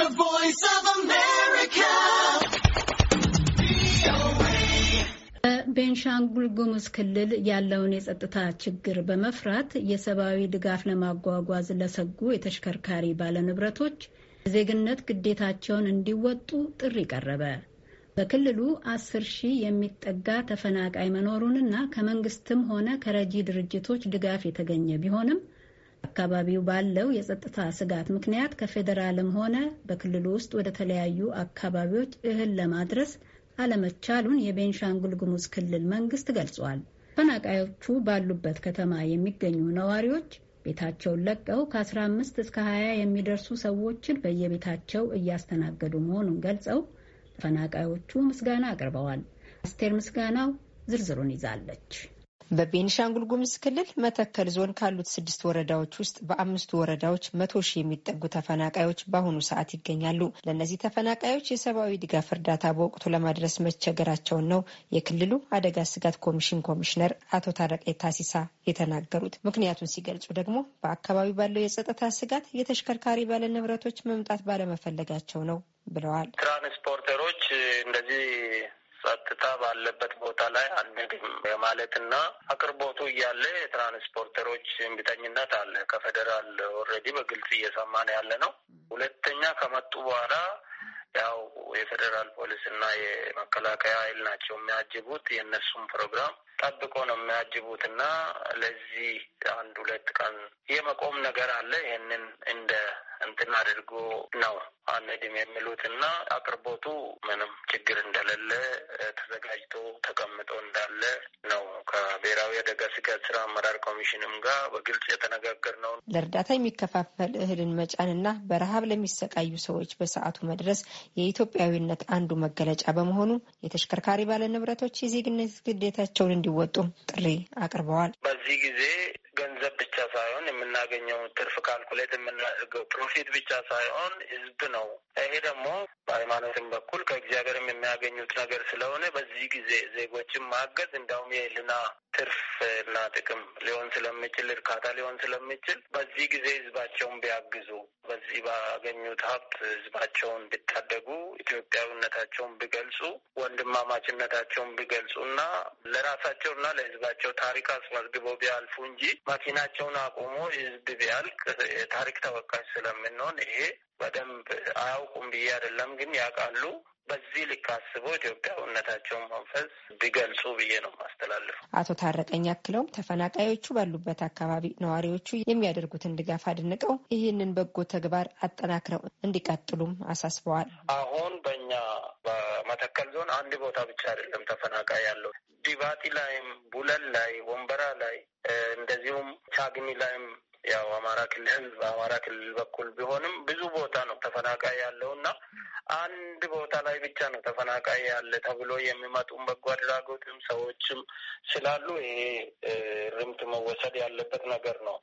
The Voice of America. በቤንሻንጉል ጉሙዝ ክልል ያለውን የጸጥታ ችግር በመፍራት የሰብአዊ ድጋፍ ለማጓጓዝ ለሰጉ የተሽከርካሪ ባለንብረቶች የዜግነት ግዴታቸውን እንዲወጡ ጥሪ ቀረበ። በክልሉ አስር ሺህ የሚጠጋ ተፈናቃይ መኖሩንና ከመንግስትም ሆነ ከረጂ ድርጅቶች ድጋፍ የተገኘ ቢሆንም አካባቢው ባለው የጸጥታ ስጋት ምክንያት ከፌዴራልም ሆነ በክልሉ ውስጥ ወደ ተለያዩ አካባቢዎች እህል ለማድረስ አለመቻሉን የቤንሻንጉል ጉሙዝ ክልል መንግስት ገልጿል። ተፈናቃዮቹ ባሉበት ከተማ የሚገኙ ነዋሪዎች ቤታቸውን ለቀው ከ15 እስከ 20 የሚደርሱ ሰዎችን በየቤታቸው እያስተናገዱ መሆኑን ገልጸው ተፈናቃዮቹ ምስጋና አቅርበዋል። አስቴር ምስጋናው ዝርዝሩን ይዛለች። በቤኒሻንጉል ጉምዝ ክልል መተከል ዞን ካሉት ስድስት ወረዳዎች ውስጥ በአምስቱ ወረዳዎች መቶ ሺህ የሚጠጉ ተፈናቃዮች በአሁኑ ሰዓት ይገኛሉ። ለእነዚህ ተፈናቃዮች የሰብአዊ ድጋፍ እርዳታ በወቅቱ ለማድረስ መቸገራቸውን ነው የክልሉ አደጋ ስጋት ኮሚሽን ኮሚሽነር አቶ ታረቀ ታሲሳ የተናገሩት። ምክንያቱን ሲገልጹ ደግሞ በአካባቢው ባለው የጸጥታ ስጋት የተሽከርካሪ ባለንብረቶች መምጣት ባለመፈለጋቸው ነው ብለዋል። ትራንስፖርተሮች እንደዚህ ጸጥታ ባለበት ቦታ ላይ አንሄድም የማለትና አቅርቦቱ እያለ የትራንስፖርተሮች እንቢተኝነት አለ። ከፌዴራል ኦልሬዲ በግልጽ እየሰማን ያለ ነው። ሁለተኛ ከመጡ በኋላ ያው የፌዴራል ፖሊስ እና የመከላከያ ኃይል ናቸው የሚያጅቡት የእነሱም ፕሮግራም ጠብቆ ነው የሚያጅቡት እና ለዚህ አንድ ሁለት ቀን የመቆም ነገር አለ። ይህንን እንደ እንትን አድርጎ ነው አንድም የሚሉት እና አቅርቦቱ ምንም ችግር እንደሌለ ተዘጋጅቶ ተቀምጦ እንዳለ ነው ከብሔራዊ አደጋ ስጋት ስራ አመራር ኮሚሽንም ጋር በግልጽ ነው። ለእርዳታ የሚከፋፈል እህልን መጫንና በረሀብ ለሚሰቃዩ ሰዎች በሰዓቱ መድረስ የኢትዮጵያዊነት አንዱ መገለጫ በመሆኑ የተሽከርካሪ ባለንብረቶች የዜግነት ግዴታቸውን እንዲወጡ ጥሪ አቅርበዋል። በዚህ ጊዜ ገንዘብ ብቻ ሳይሆን የምናገኘው ትርፍ ካልኩሌት የምናደርገው ፕሮፊት ብቻ ሳይሆን ህዝብ ነው። ይሄ ደግሞ በሃይማኖትም በኩል ከእግዚአብሔርም የሚያገኙት ነገር ስለሆነ በዚህ ጊዜ ዜጎችን ማገዝ እንዳውም የህልና ትርፍ እና ጥቅም ሊሆን ስለሚችል እርካታ ሊሆን ስለሚችል በዚህ ጊዜ ህዝባቸውን ቢያግዙ በዚህ ባገኙት ሀብት ህዝባቸውን ቢታደጉ ኢትዮጵያዊነታቸውን ቢገልጹ ወንድማማችነታቸውን ቢገልጹ እና ለራሳቸው እና ለህዝባቸው ታሪክ አስመዝግቦ ቢያልፉ እንጂ መኪናቸውን አቁሞ ህዝብ ቢያልቅ ታሪክ ተወቃሽ ስለምንሆን ይሄ በደንብ አያውቁም ብዬ አይደለም፣ ግን ያውቃሉ። በዚህ ልክ አስበው ኢትዮጵያ እውነታቸውን መንፈስ ቢገልጹ ብዬ ነው ማስተላለፉ። አቶ ታረቀኝ አክለውም ተፈናቃዮቹ ባሉበት አካባቢ ነዋሪዎቹ የሚያደርጉትን ድጋፍ አድንቀው ይህንን በጎ ተግባር አጠናክረው እንዲቀጥሉም አሳስበዋል። አሁን በእኛ በመተከል ዞን አንድ ቦታ ብቻ አይደለም ተፈናቃይ ያለው ዲባቲ ላይም፣ ቡለን ላይ፣ ወንበራ ላይ እንደዚሁም ቻግኒ ላይም ያው አማራ ክልል ህዝብ በአማራ ክልል በኩል ቢሆንም ብዙ ቦታ ነው ተፈናቃይ ያለው እና አንድ ቦታ ላይ ብቻ ነው ተፈናቃይ ያለ ተብሎ የሚመጡም በጎ አድራጎትም ሰዎችም ስላሉ ይሄ ርምት መወሰድ ያለበት ነገር ነው።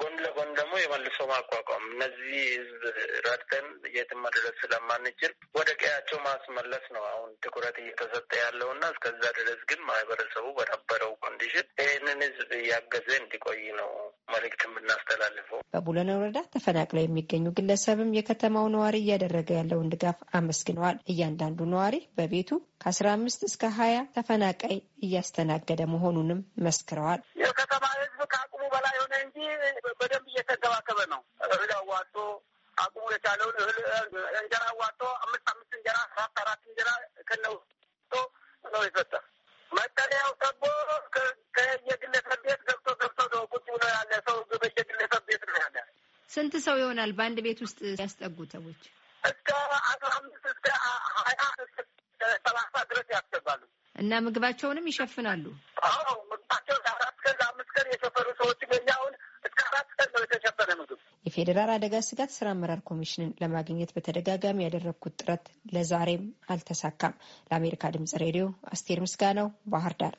ጎን ለጎን ደግሞ የመልሶ ማቋቋም እነዚህ ህዝብ ረድተን የት መድረስ ስለማንችል ወደ ቀያቸው ማስመለስ ነው አሁን ትኩረት እየተሰጠ ያለው እና እስከዛ ድረስ ግን ማህበረሰቡ በነበረው ኮንዲሽን ይህንን ህዝብ እያገዘ እንዲቆይ ነው መልእክት የምና የምናስተላልፈው። በቡለን ወረዳ ተፈናቅለው የሚገኙ ግለሰብም የከተማው ነዋሪ እያደረገ ያለውን ድጋፍ አመስግነዋል። እያንዳንዱ ነዋሪ በቤቱ ከአስራ አምስት እስከ ሀያ ተፈናቃይ እያስተናገደ መሆኑንም መስክረዋል። የከተማ ህዝብ ከአቅሙ በላይ ሆነ እንጂ በደንብ እየተንከባከበ ነው። እህል አዋጦ አቅሙ የቻለውን እህል እንጀራ አዋጦ አምስት አምስት እንጀራ አራት አራት እንጀራ ከነው ነው የሰጠ ስንት ሰው ይሆናል በአንድ ቤት ውስጥ ያስጠጉ ሰዎች? እስከ አስራ አምስት እስከ ሀያ ሰላሳ ድረስ ያስገባሉ እና ምግባቸውንም ይሸፍናሉ። አዎ ምግባቸውን አራት ቀን ለአምስት ቀን የሰፈሩ ሰዎች ገኛውን እስከ አራት ቀን ነው የተሸፈነ ምግብ። የፌዴራል አደጋ ስጋት ስራ አመራር ኮሚሽንን ለማግኘት በተደጋጋሚ ያደረግኩት ጥረት ለዛሬም አልተሳካም። ለአሜሪካ ድምጽ ሬዲዮ አስቴር ምስጋናው ባህር ዳር